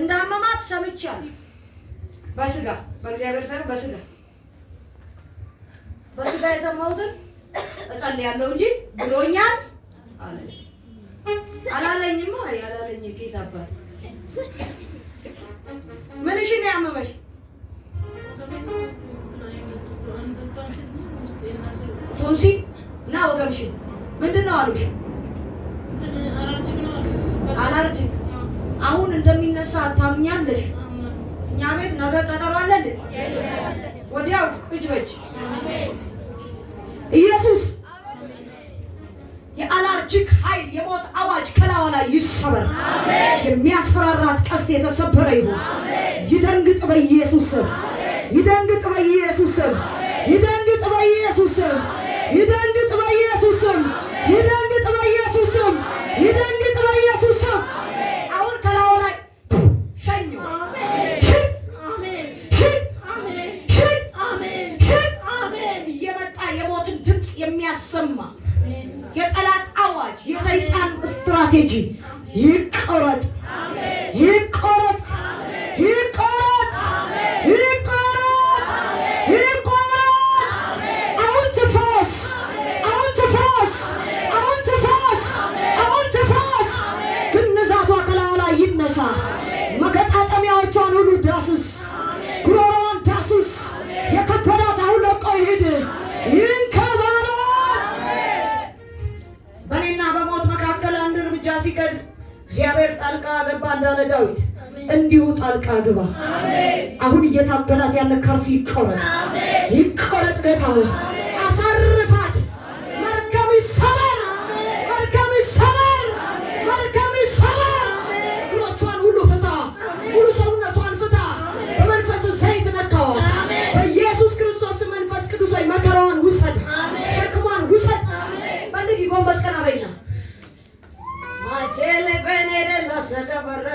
እንዳመማት ሰምቻለሁ። በስጋ በእግዚአብሔር ሳይሆን በስጋ በስጋ የሰማሁትን እጸልያለሁ እንጂ ብሎኛል አለኝ። አላለኝማ ያላለኝ ጌታ አባት ምንሽን ነው ያመመሽ? ቶንሲ እና ወገብሽን ምንድን ነው አሉሽ? አላርጂክ አሁን እንደሚነሳ ታምኛለሽ? እኛ ቤት ነገ ቀጠሮ አለን። ወዲያው እጅ በጅ ኢየሱስ የአላርጂክ ኃይል የሞት አዋጅ ከላዋ ላይ ይሰበር። የሚያስፈራራት ቀስት የተሰበረ ይሁን። ይደንግጥ በኢየሱስ ስም፣ ይደንግጥ በኢየሱስ ስም፣ ይደንግጥ በኢየሱስ ስም፣ ይደንግጥ በኢየሱስ ስም፣ ይደንግጥ በኢየሱስ ስም፣ ይደንግጥ አትሄጂ፣ ይቀረጥ ለይሁዳና ለዳዊት እንዲሁ ጣልቃ ግባ። አሁን እየታገላት ያለ ከርሱ ይቆረጥ፣ ይቆረጥ ጌታ ሆይ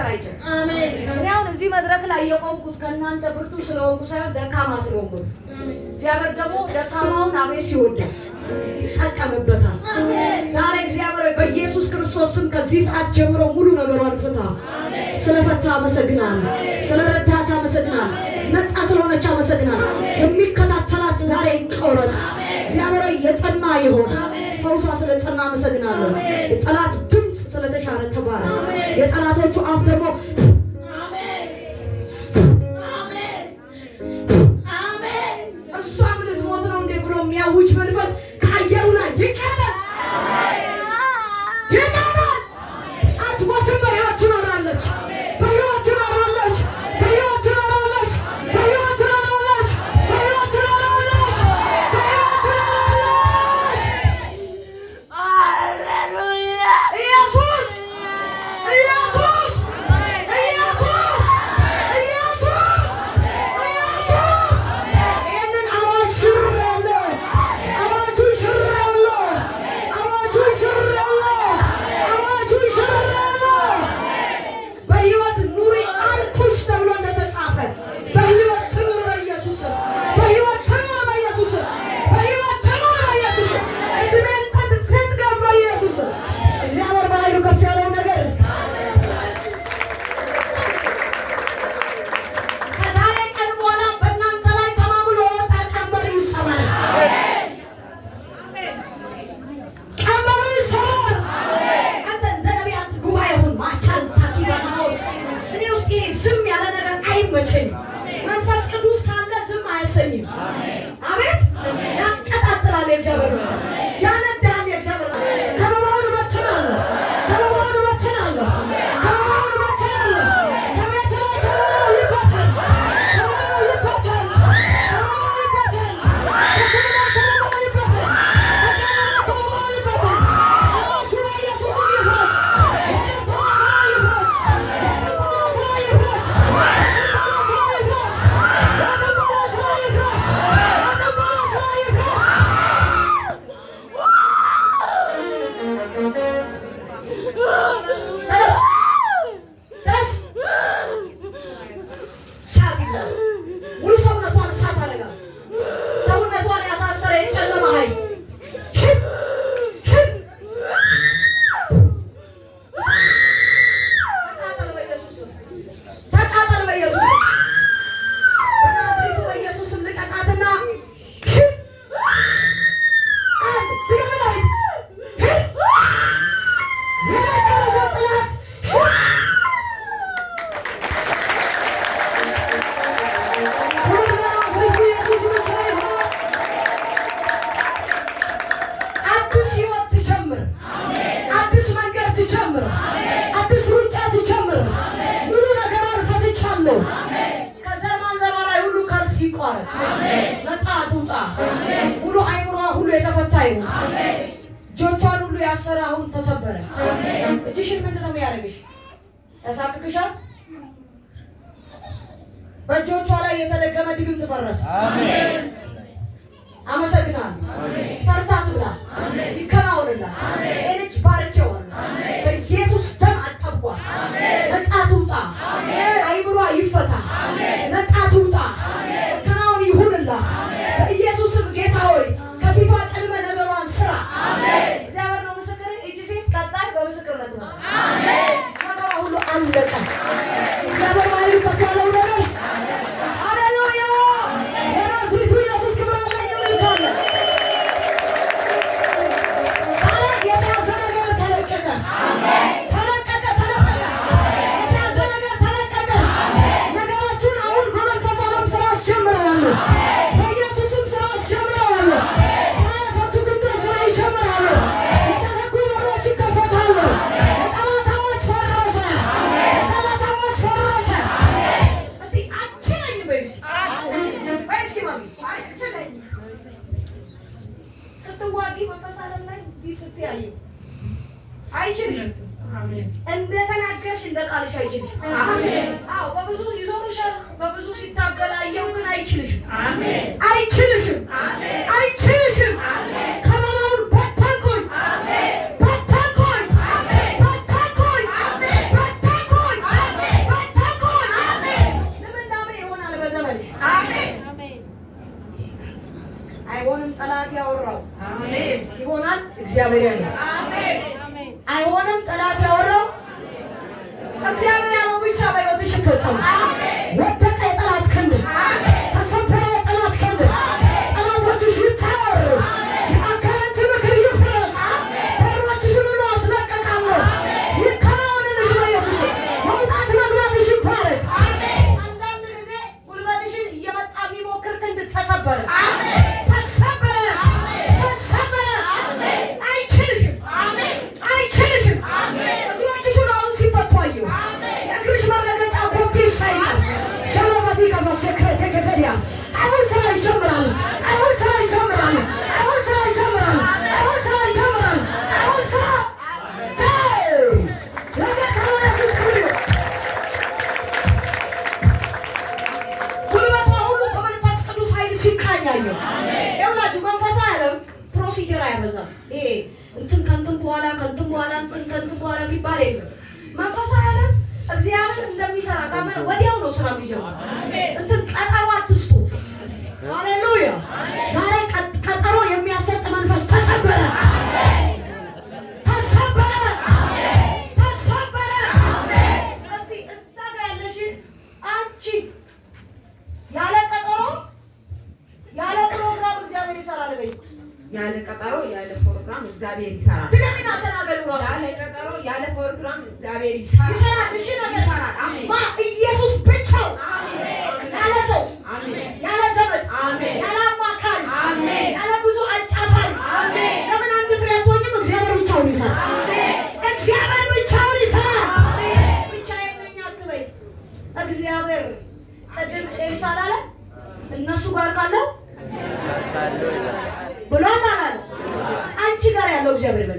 ያሰራይቸው። እኔ አሁን እዚህ መድረክ ላይ የቆምኩት ከእናንተ ብርቱ ስለሆንኩ ሳይሆን ደካማ ስለሆንኩ፣ እግዚአብሔር ደግሞ ደካማውን አቤት ሲወድ ይጠቀምበታል። ዛሬ እግዚአብሔር በኢየሱስ ክርስቶስ ስም ከዚህ ሰዓት ጀምሮ ሙሉ ነገሯን ፍታ። ስለፈታ አመሰግናለሁ። ስለረዳት አመሰግናለሁ። ነጻ ስለሆነች አመሰግናለሁ። የሚከታተላት ዛሬ ይቀውረጥ። እግዚአብሔር የጸና የሆነ ፈውሷ ስለጸና አመሰግናለሁ። ጠላት ስለተሻረ ተባረ የጠላቶቹ አፍ ደግሞ አትቋረጥ፣ ነፃ አትውጣ። ሁሉ አይምሯ ሁሉ የተፈታ ይሁን። እጆቿን ሁሉ ያሰረ አሁን ተሰበረ። እጅሽን ምንድን ነው የሚያደርግሽ? ያሳቅቅሻል። በእጆቿ ላይ የተደገመ ድግምት ፈረሰ። አመሰግናለሁ። ሰርታ ትብላ፣ ይከናወንላት። ማለት ነው። ነገር ሁሉ አንድ ስትዋጊ መንፈስ ዓለም ላይ እንዲህ ስትያይ አይችልሽም። እንደተናገርሽ እንደ ቃልሽ አይችልሽም። አዎ በብዙ ይዞርሻል፣ በብዙ ሲታገል ግን አይችልሽም፣ አይችልሽም፣ አይችልሽም ያወራው ይሆናል፣ እግዚአብሔር ያለው አይሆንም። ጠላት ያወራው እግዚአብሔር ያለው ብቻ በሕይወትሽ ይፈጸማል። ይጀምራል። አሁን ስራ ቅዱስ ኃይል መንፈሳ ያለም ፕሮሲጀር አይበዛም። እንትን ከንትን በኋላ ከንትን በኋላ እንትን ከንትን በኋላ የሚባል መንፈሳ ያለም እግዚአብሔር እንደሚሰራ ጋር ወዲያው ነው ስራ የሚጀምረው እንትን ቀጠሮ እግዚአብሔር ቅድም ኤልሳ እነሱ ጋር ካለው ብሎ አንቺ ጋር ያለው እግዚአብሔር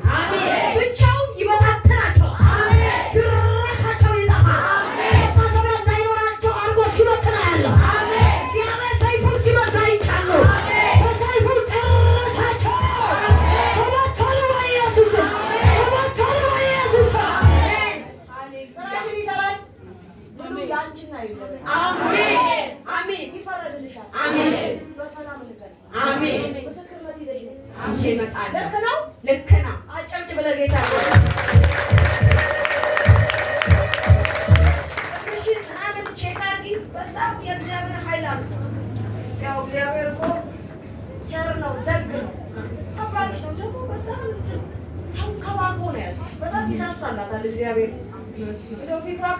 ብቻ ይመጣል። ልክ ነው፣ ልክ ነው። አጨብጭበው ጌታ በጣም የእግዚአብሔር ኃይል አለ። ያው እግዚአብሔር እኮ ቸር ነው፣ ደግ ነው፣ አባትሽ ነው። ደግሞ በጣም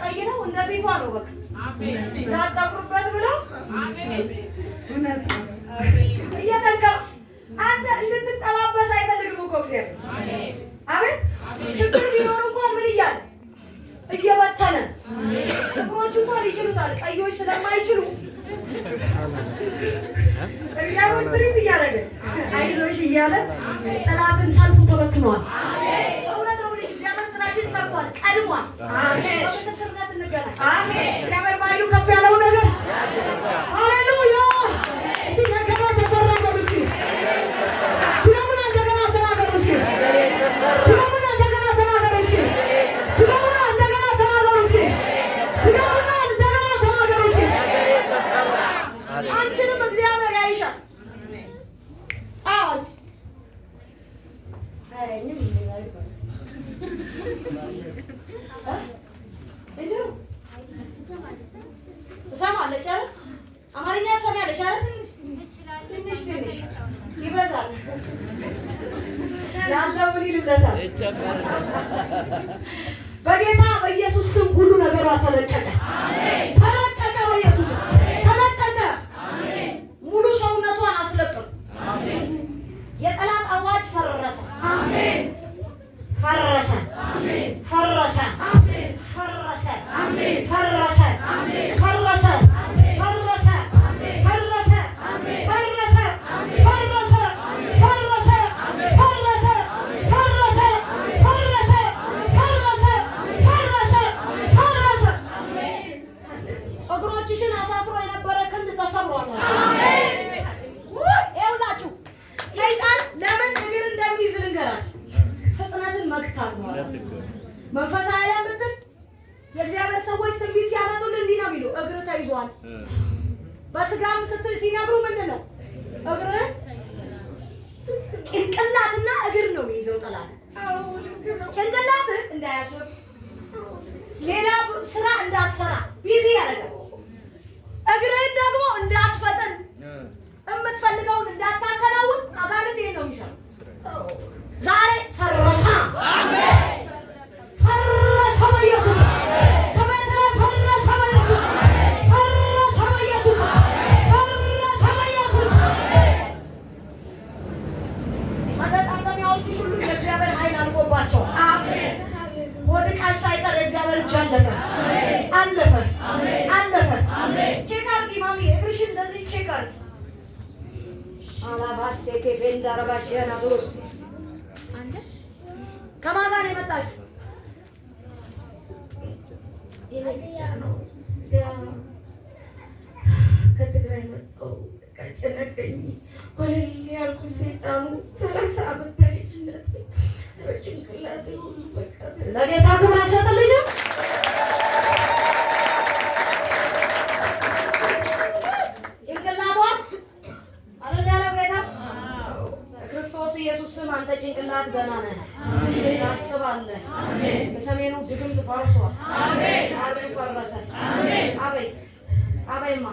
ቀይ ነው፣ እንደ ቤቷ ነው። በቃ ላጠቁርበት ብለው እየተንከባ አንተ እንድትጠባበስ አይፈልግም እኮ እግዚአብሔር። አቤት ችግር ቢኖር እንኳን ምን እያለ እየበተነ ጥቁሮቹ እንኳን ይችሉታል፣ ቀዮች ስለማይችሉ እግዚአብሔር ትሪት እያደረገ አይዞሽ እያለ ጠላትን ሰልፉ ተበትኗል። እውነት ነው። ቀድሟል። ምስክርነት እንገናኝ። እግዚአብሔር ባይሉ ከፍ ያለው ነገር มิทร ጠላት ጭንቅላትህ እንዳያስብ ሌላ ስራ እንዳትሰራ ቢዚ ያደረገው እግርህን ደግሞ እንዳትፈጥን የምትፈልገውን እንዳታከናውን አጋንንት ይሄን ነው የሚሰራው። ዛሬ ፈረሳ። አላባሴ ኬፌንዳ ረባሽያና ብሩስ ከማን ጋር የመጣችሁ? ለጌታ ክብር አይሰጥልኝም። ኢየሱስ ስም አንተ ጭንቅላት ገና ነህ። አሜን። አስባለህ። አሜን። በሰሜኑ ድግምት ፈርሷል። አሜን። አቤት ፈረሰ። አሜን። አቤት አቤማ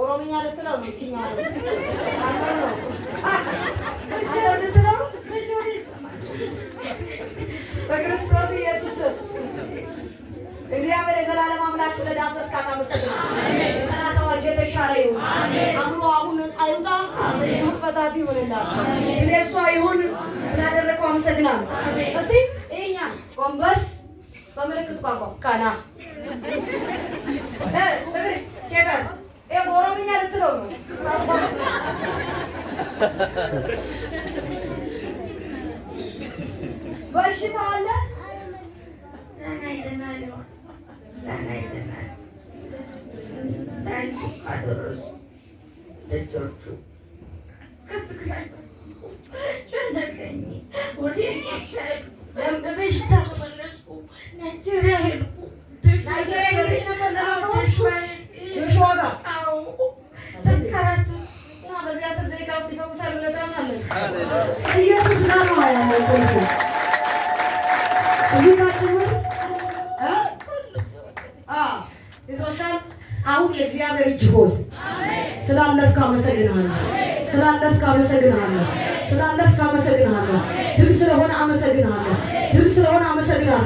ኦሮምኛ ልትለው ነው። እቺኛ አለ አለ ልትለው በክርስቶስ ኢየሱስ እግዚአብሔር የዘላለም አምላክ ስለ ዳሰስካት አመሰግናለሁ። የጠላት የተሻረ ይሁን። አእምሮ አሁን ነጻ ይውጣ። መፈታት ይሁንላት። ስለ እሷ ይሁን። ስላደረገው አመሰግናለሁ። እስቲ ይህኛን ጎንበስ በምልክት ቋንቋ ካና በኦሮምኛ ልትለው ነው። በሽታ አለ لنا لنا ben kurtarıyoruz. Ve çocuğu. Kazıklar. Çözdüklerini. Oraya keser. Ben bebeş takılırız. Ne cüreğim. Ne cüreğim. Joshua da. Tabii karatu. Ama biz yasır dedik avsi kavuş bile tamamladık. İyi yaşasın ama ya. İyi yaşasın. እግዚአብሔር እጅ ሆይ ስላለፍክ አመሰግናለሁ። ስላለፍክ አመሰግናለሁ። ስላለፍክ አመሰግናለሁ። ድምፅ ስለሆነ አመሰግናለሁ። ድምፅ ስለሆነ አመሰግናለሁ።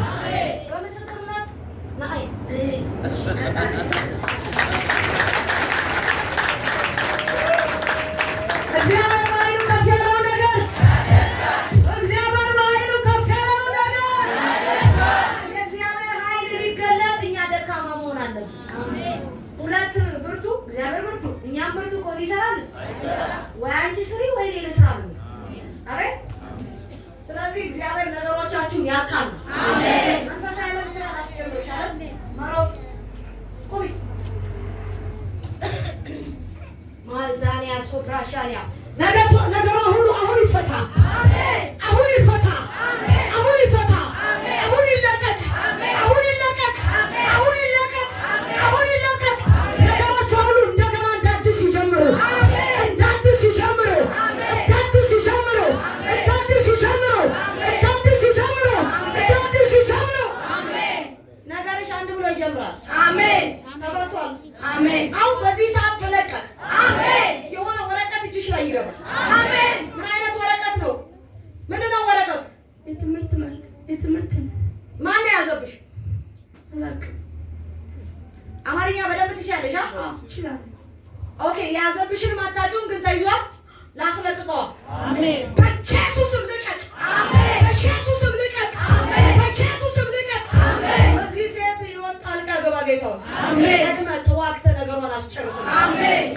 ደግመ ተዋግተ ነገሯን አስጨርሰ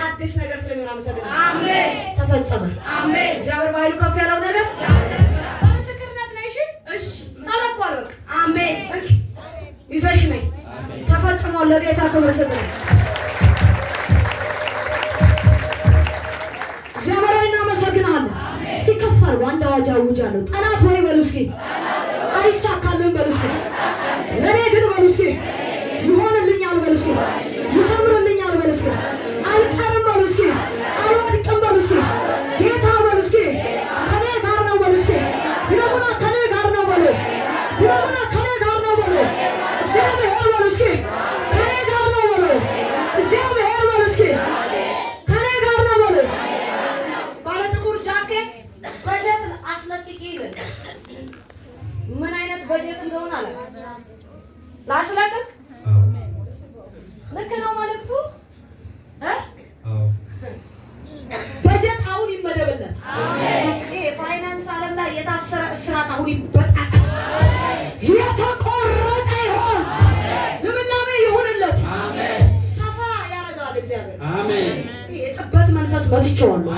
አዲስ ነገር ስለሚሆን አመሰግነ ተፈጸመ። እግዚአብሔር ባይሉ ከፍ ያለው ነገር በምስክርነት ነሽ ተለቋል። በቃ አሜን ይዘሽ ነይ ተፈጽሟል። ለጌታ ክብር ስጥነ እግዚአብሔር እናመሰግናለን። እስቲ ከፍ አድርጎ አንድ አዋጅ አውጃለሁ። ጠላት ወይ በሉ እስኪ ፋይናንስ ዓለም ላይ የታሰረ እስራት አሁን ይበጣጠስ፣ የተቆረጠ ይሆን፣ ልምላሜ ይሁንለት፣ ሰፋ ያረጋል እግዚአብሔር። የጥበት መንፈስ መትቼዋለሁ፣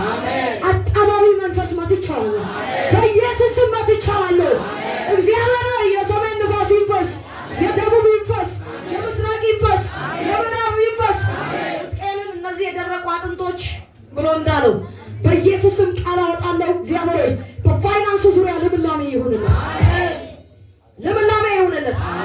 አጣባቢ መንፈስ መትቼዋለሁ፣ በኢየሱስም መትቼዋለሁ። እግዚአብሔር የሰሜን ንፋስ ይንፈስ፣ የደቡብ ይንፈስ፣ የምስራቅ ይንፈስ፣ የምዕራብ ይንፈስ። ሕዝቅኤልን እነዚህ የደረቁ አጥንቶች ብሎ እንዳለው በኢየሱስም ቃል አወጣለሁ። እግዚአብሔር በፋይናንሱ ዙሪያ ልምላሜ ይሁንለት፣ ልምላሜ ይሁንለት።